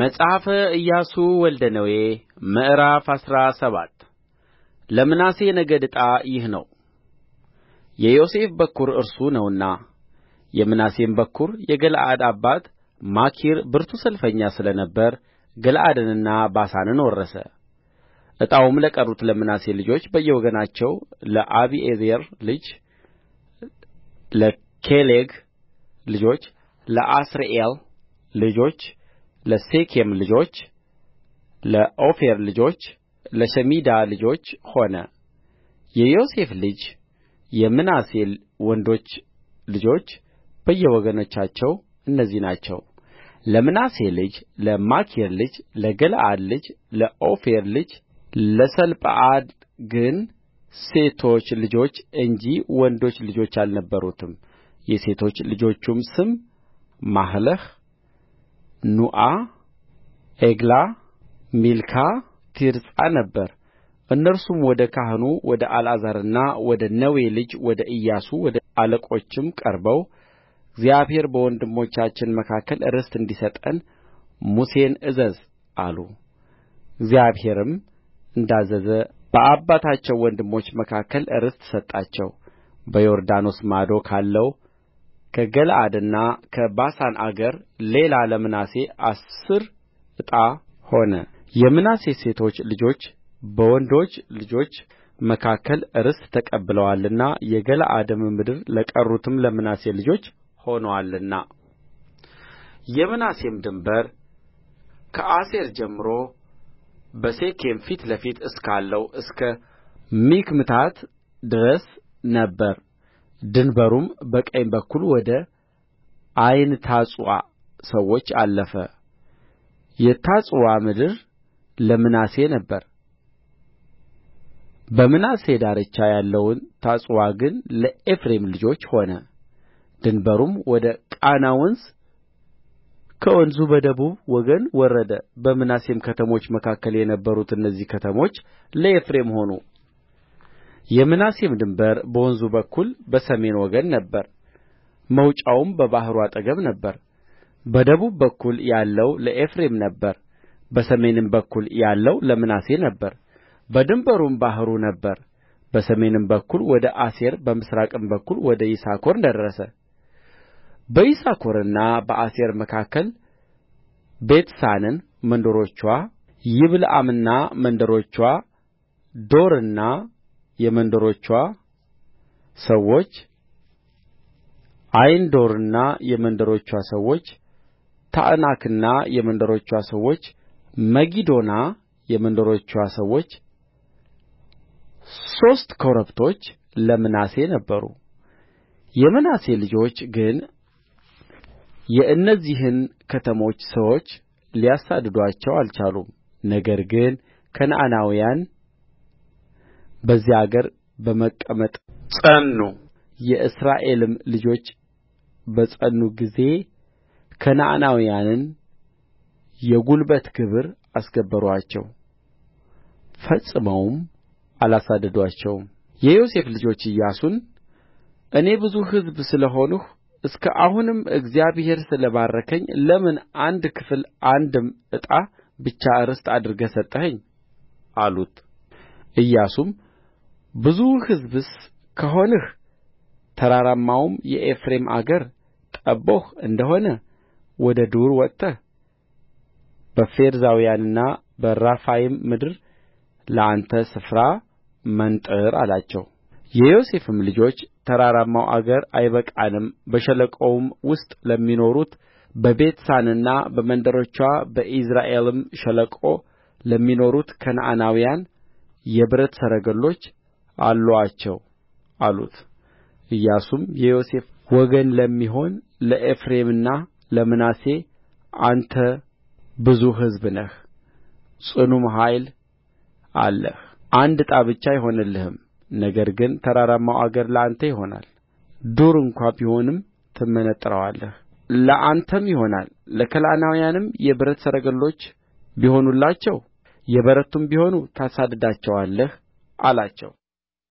መጽሐፈ ኢያሱ ወልደ ነዌ ምዕራፍ አስራ ሰባት ለምናሴ ነገድ ዕጣ ይህ ነው። የዮሴፍ በኵር እርሱ ነውና የምናሴም በኵር የገለዓድ አባት ማኪር ብርቱ ሰልፈኛ ስለ ነበር ገለዓድንና ባሳንን ወረሰ። ዕጣውም ለቀሩት ለምናሴ ልጆች በየወገናቸው ለአቢዔዜር ልጅ ለኬሌግ ልጆች ለአስሪኤል ልጆች ለሴኬም ልጆች ለኦፌር ልጆች ለሸሚዳ ልጆች ሆነ የዮሴፍ ልጅ የምናሴ ወንዶች ልጆች በየወገኖቻቸው እነዚህ ናቸው ለምናሴ ልጅ ለማኪር ልጅ ለገለዓድ ልጅ ለኦፌር ልጅ ለሰለጰዓድ ግን ሴቶች ልጆች እንጂ ወንዶች ልጆች አልነበሩትም የሴቶች ልጆቹም ስም ማህለህ ኑዓ ዔግላ ሚልካ ቲርጻ ነበረ እነርሱም ወደ ካህኑ ወደ አልዓዛርና ወደ ነዌ ልጅ ወደ ኢያሱ ወደ አለቆችም ቀርበው እግዚአብሔር በወንድሞቻችን መካከል ርስት እንዲሰጠን ሙሴን እዘዝ አሉ እግዚአብሔርም እንዳዘዘ በአባታቸው ወንድሞች መካከል ርስት ሰጣቸው በዮርዳኖስ ማዶ ካለው ከገለዓድና ከባሳን አገር ሌላ ለምናሴ አሥር ዕጣ ሆነ የምናሴ ሴቶች ልጆች በወንዶች ልጆች መካከል ርስት ተቀብለዋልና የገለዓድም ምድር ለቀሩት ለምናሴ ልጆች ሆኖአልና የምናሴም ድንበር ከአሴር ጀምሮ በሴኬም ፊት ለፊት እስካለው እስከ ሚክምታት ድረስ ነበረ ድንበሩም በቀኝ በኩል ወደ ዓይንታጱዋ ሰዎች አለፈ የታጱዋ ምድር ለምናሴ ነበረ በምናሴ ዳርቻ ያለውን ታጱዋ ግን ለኤፍሬም ልጆች ሆነ ድንበሩም ወደ ቃና ወንዝ ከወንዙ በደቡብ ወገን ወረደ በምናሴም ከተሞች መካከል የነበሩት እነዚህ ከተሞች ለኤፍሬም ሆኑ የምናሴም ድንበር በወንዙ በኩል በሰሜን ወገን ነበረ መውጫውም በባሕሩ አጠገብ ነበረ በደቡብ በኩል ያለው ለኤፍሬም ነበረ በሰሜንም በኩል ያለው ለምናሴ ነበረ በድንበሩም ባሕሩ ነበረ በሰሜን በኩል ወደ አሴር በምሥራቅም በኩል ወደ ይሳኮር ደረሰ በይሳኮርና በአሴር መካከል ቤትሳንን መንደሮቿ ይብልዓምና መንደሮቿ ዶርና የመንደሮችዋ ሰዎች ዓይንዶርና የመንደሮችዋ ሰዎች ታዕናክና የመንደሮችዋ ሰዎች መጊዶና የመንደሮችዋ ሰዎች ሦስት ኮረብቶች ለምናሴ ነበሩ የምናሴ ልጆች ግን የእነዚህን ከተሞች ሰዎች ሊያሳድዱአቸው አልቻሉም ነገር ግን ከነዓናውያን በዚያ አገር በመቀመጥ ጸኑ የእስራኤልም ልጆች በጸኑ ጊዜ ከነዓናውያንን የጉልበት ግብር አስገበሩአቸው ፈጽመውም አላሳደዱአቸውም የዮሴፍ ልጆች ኢያሱን እኔ ብዙ ሕዝብ ስለ ሆንሁ እስከ አሁንም እግዚአብሔር ስለ ባረከኝ ለምን አንድ ክፍል አንድም ዕጣ ብቻ ርስት አድርገህ ሰጠኸኝ አሉት ኢያሱም ብዙ ሕዝብስ ከሆንህ ተራራማውም የኤፍሬም አገር ጠብቦህ እንደ ሆነ ወደ ዱር ወጥተህ በፌርዛውያንና በራፋይም ምድር ለአንተ ስፍራ መንጥር አላቸው የዮሴፍም ልጆች ተራራማው አገር አይበቃንም በሸለቆውም ውስጥ ለሚኖሩት በቤትሳንና በመንደሮችዋ በኢይዝራኤልም ሸለቆ ለሚኖሩት ከነዓናውያን የብረት ሰረገሎች አሉአቸው አሉት ኢያሱም የዮሴፍ ወገን ለሚሆን ለኤፍሬምና ለምናሴ አንተ ብዙ ሕዝብ ነህ ጽኑም ኃይል አለህ አንድ ዕጣ ብቻ አይሆንልህም ነገር ግን ተራራማው አገር ለአንተ ይሆናል ዱር እንኳ ቢሆንም ትመነጥረዋለህ ለአንተም ይሆናል ለከነዓናውያንም የብረት ሰረገሎች ቢሆኑላቸው የበረቱም ቢሆኑ ታሳድዳቸዋለህ አላቸው